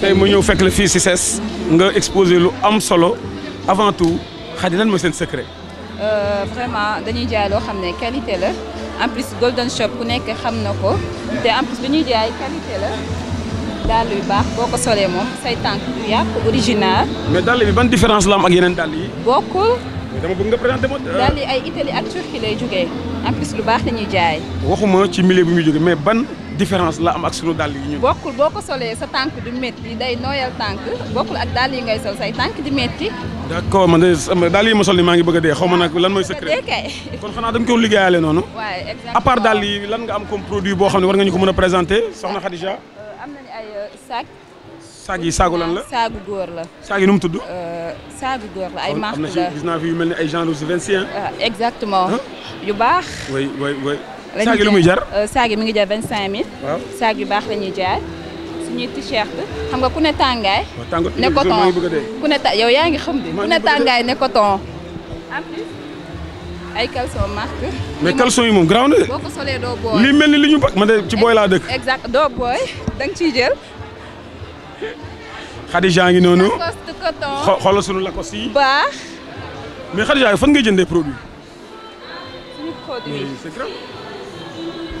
tey ma ñëw fekk la fii si CES nga exposé lu am solo avant tout xadi lan mooy seen secret. Euh, vraiment dañuy jaay loo xam ne qualité la en plus Golden Shop ku nekk xam na ko te en plus lu ñuy jaay qualité la dàll yu baax boo ko solee moom say tànk du yàq original. mais dàll bi ban différence la am ak yeneen dàll yi. bokkul. dama bëgg nga présenté ma. Euh. dàll yi ay Italie ak Turquie lay jógee en plus lu baax la jaay. waxuma ci milieu bi jógee mais ban. différence la am ak sunu dàll yi ñu. bokkul boo ko solee sa tànk du métti day nooyal tànk bokkul ak dàll yi ngay sol say tànk di métti. d' yi ma sol ni maa ngi bëgg a dee xaw ma nag lan mooy. Ah, secret kon xanaa dama ko liggéeyaale noonu. waaye dàll yi lan am comme produit boo xam ne war nga ñu ko mën a présenter soxna Khadija. Euh, am nañu ay euh, saag yi saagu lan la saagu góor la. saag yi nu mu tudd. Euh, saagu góor la ay marque la am na ci gis yu mel ni ay genre vingt et un. baax. saag lu muy jar euh, saag yi mi ngi jar vingt cinq mille. waaw saag yu baax la ñuy jaay. suñuy t-shirt xam nga ku ne tàngaay. ne coton ku ne yow yaa ngi xam de. ku ne tàngaay ne coton. ay caleçon marque. mais caleçon yi moom grand de. li mel ni li ñu ba man de ci booy laa dëkk. exact doo booy da nga ciy jël. Khadija ngi noonu. Lacoste coton xoolal suñu Lacoste yi. baax. mais Khadija fan ngay jëndee produit.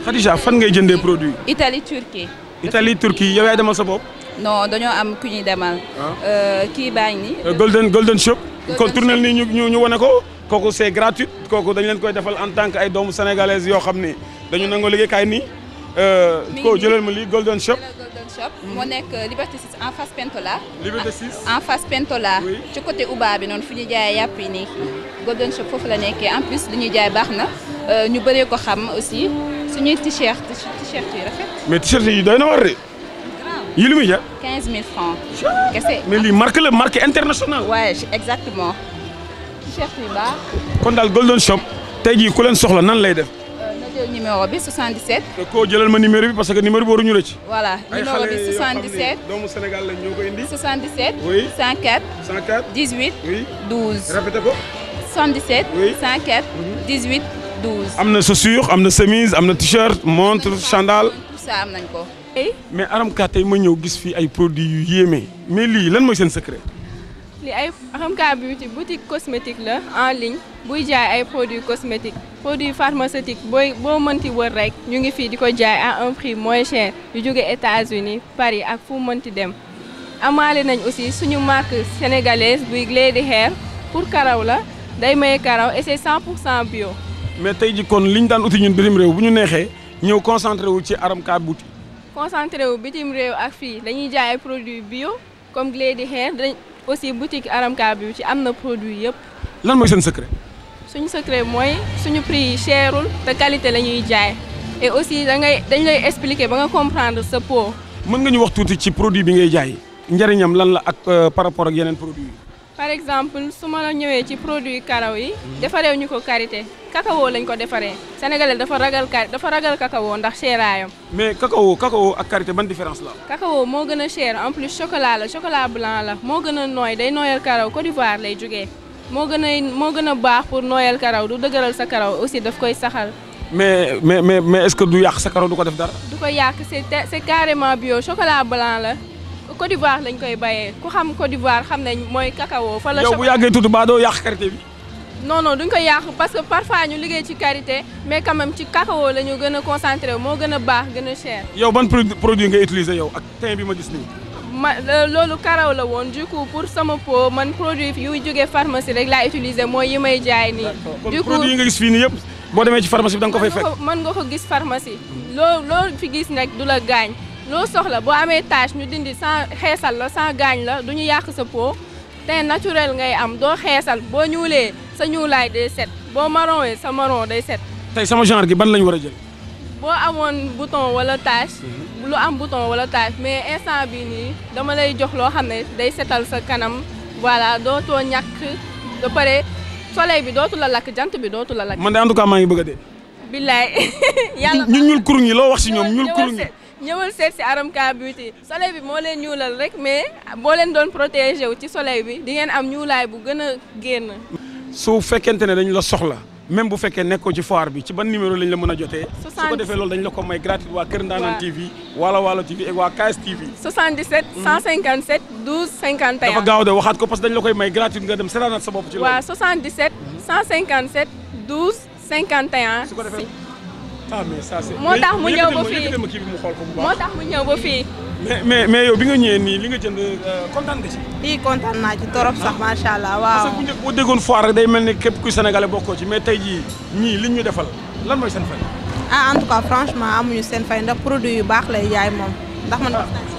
Khadija fan ngay jëndee produit. Italie Turquie. Italie Turquie yow yaay demal sa bopp. non dañoo am ku ñuy demal. Ah. Euh, kii baa ngi nii. Euh, Golden Golden Shop. kon tournel nii ñu wone ñu ko. kooku c'est gratuit kooku dañ leen koy defal en tant que ay doomu sénégalaises yoo xam ni dañu nangoo liggéey kaay nii. Euh, mi koo jëlal ma lii Golden Shop. Golden Shop moo nekk Liberté 6 en face Pentola. Liberté 6 en face ci côté Uba bi noonu fu ñu jaayee yàpp yi nii. Golden Shop foofu la nekkee en plus li ñuy jaay baax na ñu bëree ko xam aussi. suñuy t-shirt t-shirt yi rafet. mais t yi doy na war de. yi lu muy jar. 15000 francs. kese mais lii la marque internationale. waaye exactement. t-shirt yu baax. kon daal Golden Shop. tey jii ku leen soxla nan lay def. Euh, na jël numéro bi 77. te koo jëlal ma numéro bi parce que numéro bi waruñu la ci. voilà numéro bi 77 doomu Sénégal lañ ñoo ko indi. 77. oui 104. 104 18. oui 12. répété ko. 77. oui 104. 18. 12. am na chaussure am na chemise am na t-shirt montre chandal. tout ça am nañ ko. mais Aramka tey ma ñëw gis fii ay produits yu yéeme mais lii lan mooy seen secret. li ay Aramka Beauty boutique cosmétique la en ligne buy jaay ay produits cosmétiques produits pharmaceutiques booy boo mënti wër rek ñu ngi fii di ko jaay à un prix moins cher yu jóge États-Unis Paris ak fu mënti dem. amaale nañ aussi suñu marque sénégalaise buy di Hair pour karaw la day may karaw et c'est 100 pour bio. mais tey ji kon li ñu daan uti ñun bitim réew bu ñu neexee ñëw concentré wu ci Aramcar boutique. concentré wu bitim réew ak fii dañuy jaay ay bi bio comme glé di xeer dañ aussi boutique Aramcar bi ci am na produit yëpp. lan mooy seen secret. suñu secret mooy suñu prix yi cherul te qualité la ñuy jaay et aussi da ngay dañ lay expliquer ba nga comprendre sa pot. mën nga ñu wax tuuti ci produit bi ngay jaay njëriñam lan la ak euh, par rapport ak yeneen produit yi. par exemple su ma la ñëwee ci produit karaw yi. Mhm. defaree ñu ko karité kakawoo lañ ko defaree. sénégalais dafa ragal kari dafa ragal kakawoo ndax seeraayam. mais kakawoo kakawoo ak karité ban différence la. kakawoo moo gën a cher en plus chocolat la chocolat blanc la moo gën a nooy day nooyal karaw Côte d'Ivoire lay jógee moo gën a moo gën a baax pour nooyal karaw du dëgëral sa karaw aussi daf koy saxal. mais mais mais est-ce que du yàq sa karaw du ko def dara. du ko yàq la. Côte d'Ivoire lañ koy bayee ku xam Côte d'Ivoire xam nañ mooy cacao. fa la yow bu yàggee tudd baa doo yàq karité bi. non duñ ko yàq parce que parfois ñu liggéey ci karité mais quand même ci cacao la ñu gën moo gën a baax gën a yow ban produit ngay yow ak teint bi ma gis nii. ma loolu karaw la woon du coup pour sama peau man produit yu jógee pharmacie rek laa utiliser mooy yi may jaay nii. du coup produit nga gis fii nii yëpp boo demee ci pharmacie bi da nga ko fay fekk. nga ko gis pharmacie. loo loo fi gis nag du la gaañ. loo soxla boo amee tache ñu dindi san xeesal la sans gaañ la du ñu yàq sa peau teint naturel ngay am doo xeesal boo ñuulee sa ñuulaay day set boo marronee sa marron day set. tey sama genre gi ban lañ war a jël. boo amoon bouton wala tache. Mhm. lu am bouton wala tache mais instant bii nii dama lay jox loo xam ne day setal sa kanam voilà dootoo ñàkk ba pare soleil bi dootu la lakk jant bi dootu la lakk. man de en tout cas maa ngi bëgg a dee. billaay yàlla ñu ñuul kuruñ yi loo wax si ñoom ñuul kuruñ ñëwal seet si Aramka Beauty soleil bi moo leen ñuulal rek mais boo leen doon protégé wu ci soleil bi di ngeen am ñuulaay bu gën a génn. su fekkente ne dañu la soxla même bu fekkee nekkoo ci foire bi ci ban numéro lañ la mën a jotee. su ko defee loolu dañ la ko may gratuit waa Kër Ndaanaan TV. Waalo Waalo TV ak waa KS mhm. dafa gaaw de waxaat ko parce que la koy may gratuit nga dem seetaanaat sa bopp ci loolu. waaw 77. 157 12 51. su ko defee. Ah, moo tax mu ñëw ba fii moo tax mais mais bi nga ñëwee nii li nga jënd euh, kontaan nga ci. fii kontaan naa ci torop sax ah. macha allah waaw. parce que bu njëkk boo déggoon foire rek mel ni képp kuy sénégalais bokkoo ci mais tey jii ñii liñ ñu defal lan mooy seen fay. ah en tout franchement amuñu seen fay ndax produit yu baax lay jaay moom. ndax man.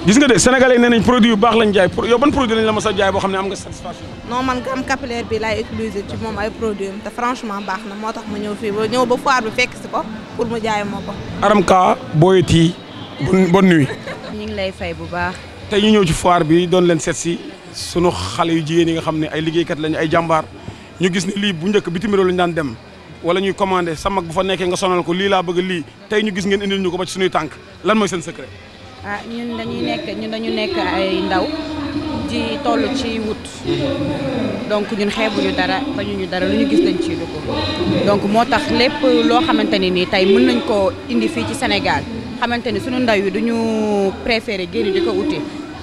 gis nga de sénégalais yi nee nañ produit yu baax lañ jaay yow ban produit lañ la mos a jaay boo xam ne am nga satisfaction. non man gam capillaire bi laay utiliser ci moom ay produit te franchement baax na moo tax ma ñëw fii ba ñëw ba foire bi fekk si ko pour mu jaay moo ko. Aramka Boyeti bonne nuit. ñu ngi lay fay bu baax. te ñu ñëw ci foire bi doon leen seet si nu xale yu jigéen yi nga xam ne ay liggéeykat lañu ay jàmbaar ñu gis ne lii bu njëkk bitim réew lañu daan dem wala ñuy commandé sa mag bu nga sonal ko lii bëgg lii tey ñu gis ngeen indil ñu ko ba ci tànk lan mooy seen secret ah ñun dañuy nekk ñun dañu nekk ay ndaw di toll ci wut donc ñun xeebuñu dara ñu dara lu ñu gis nañ ciy dugg donc moo tax lépp loo xamante ni nii tey mën nañ ko indi fii ci Sénégal xamante ni suñu ndaw yi duñu préféré génn di ko uti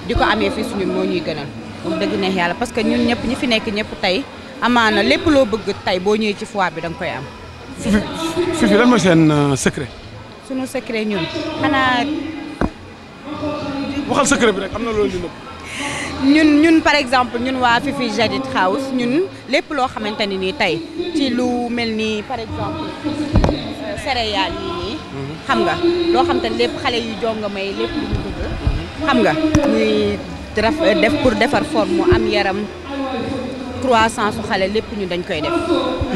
di ko amee fii suñu moo ñuy gënal wax dëgg neex yàlla parce que ñun ñëpp ñu fi nekk ñëpp tey amaana lépp loo bëgg tey boo ñëwee ci fois bi danga koy am. Fifi lan mooy seen euh, secret. suñu secret ñun xanaa. waxal secret bi rek am na loolu di nëbb. ñun ñun par exemple ñun waa Fifi Jadid House ñun lépp loo xamante ne nii tey ci lu mel nii par exemple euh, céréales yi nii. Mhm. xam nga loo xam te lépp xale yu jonga may lépp lu ñu bëgg xam nga muy def pour defar forme mu am yaram. croissance su xale lépp ñu dañ koy def.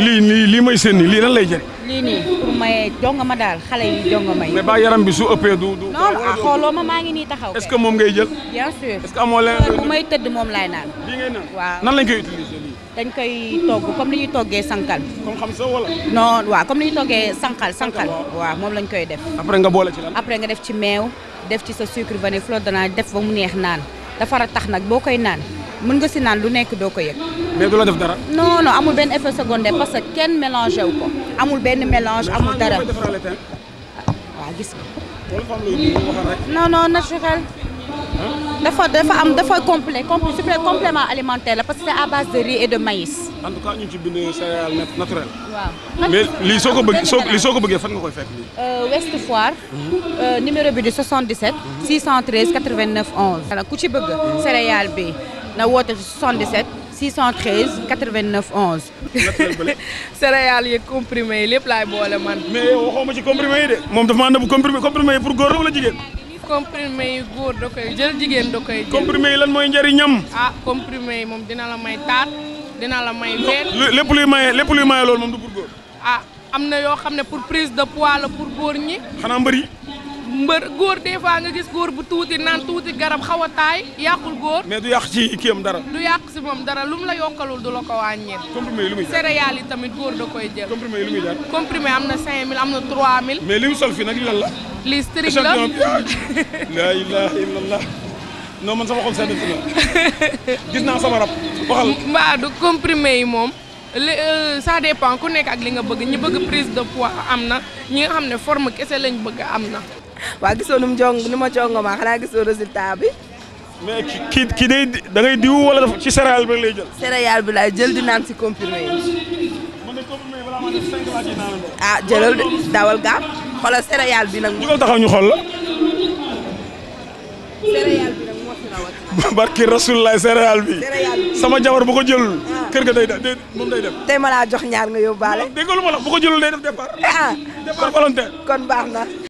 lii nii lii may seen nii lii lan lay jëriñ. lii nii pour maye jongama daal xale yi jongama yi. mais ba yaram bi su ëppee du du. non ah xooloo ma maa ngi nii taxaw. est ce que moom ngay jël. bien sûr est ce que amoo leneen bu may tëdd moom laay naan. lii ngay naan waaw nan lañ koy utiliser lii. dañ koy togg comme li ñuy toggee sànqal. comme xam sa wala. non waaw comme li ñuy toggee sànqal sànqal. waaw moom lañ koy def. après nga boole ci lan. après nga def ci meew def ci sa sucre vanille fleur de def ba mu neex naan dafa tax nag boo koy naan mën nga si naan lu nekk doo ko yëg. mais du la def dara. non non amul benn effet secondaire parce que kenn mélangé wu ko amul benn mélange amul dara. Ah, waaw gis nga. non non naturel. dafa dafa am dafa complet complément alimentaire la parce que c'est à base de riz et de maïs. en tout cas ñu soo ko bëggee soo soo ko bëggee fan nga koy fekk nii. Euh, West Foire. Mhm. Euh, numéro bi di 77. 613 89 11. ku ci bëgg céréale bi. na woote ci 77 613 89 11. céréales yi comprimé yi lépp laay boole man. mais yow waxoo ma comprimé yi de moom dafa maa nëbb comprimé comprimé yi pour góor la wala jigéen. comprimé yi góor da koy jël jigéen da koy jël. comprimé yi lan mooy njariñam ah comprimé yi moom dina la may taat dina la may wér. lép luy maye lépp luy maye lool moom du pour góor. ah am na yoo xam ne pour prise de poids la pour góor ñi. xanaa mbëri. mbër góor des fois nga gis góor bu tuuti naan tuuti garab xaw a taay yàqul góor. mais du yàq si ci kiyam dara. lu yàq si moom dara lu mu la yokkalul du la ko wàññeel. comprimé lu muy jar céréales yi tamit góor da koy jël. comprimé yi lu muy jar. comprimé am na 5000 am na 3000. mais li mu sol fii nag lan la. lii string la ah! la ilaha illallah non man sama xol sedd na gis naa sama rab waxal. mbaa du comprimé yi moom. sa euh, ça dépend ku nekk ak li nga bëgg ñi bëgg prise de pois am na ñi nga xam ne forme kese lañ bëgg am na. waa gisoo nu mu jong nu ma jongo ma xanaa gisoo résultat bi. mais ki ki day diw wala dafa ci céréale bi lay jël. céréale bi laay jël di naan si comprimé yi. ah jëlal dawal gaaw xoolal céréale bi nag. ñu ngi ñu xool la. céréale bi nag moo barki rasulilah céréale bi. sama jabar bu ko jëlul. Ah. kër ga day day moom day dem. tey ma laa jox ñaar nga yóbbaale. dégg nga lu ma la bu day def départ. ah départ